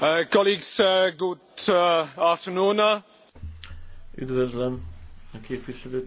Uh, uh, uh, üdvözlöm a képviselőtársaimat és uh, afternoon. Üdvözlöm a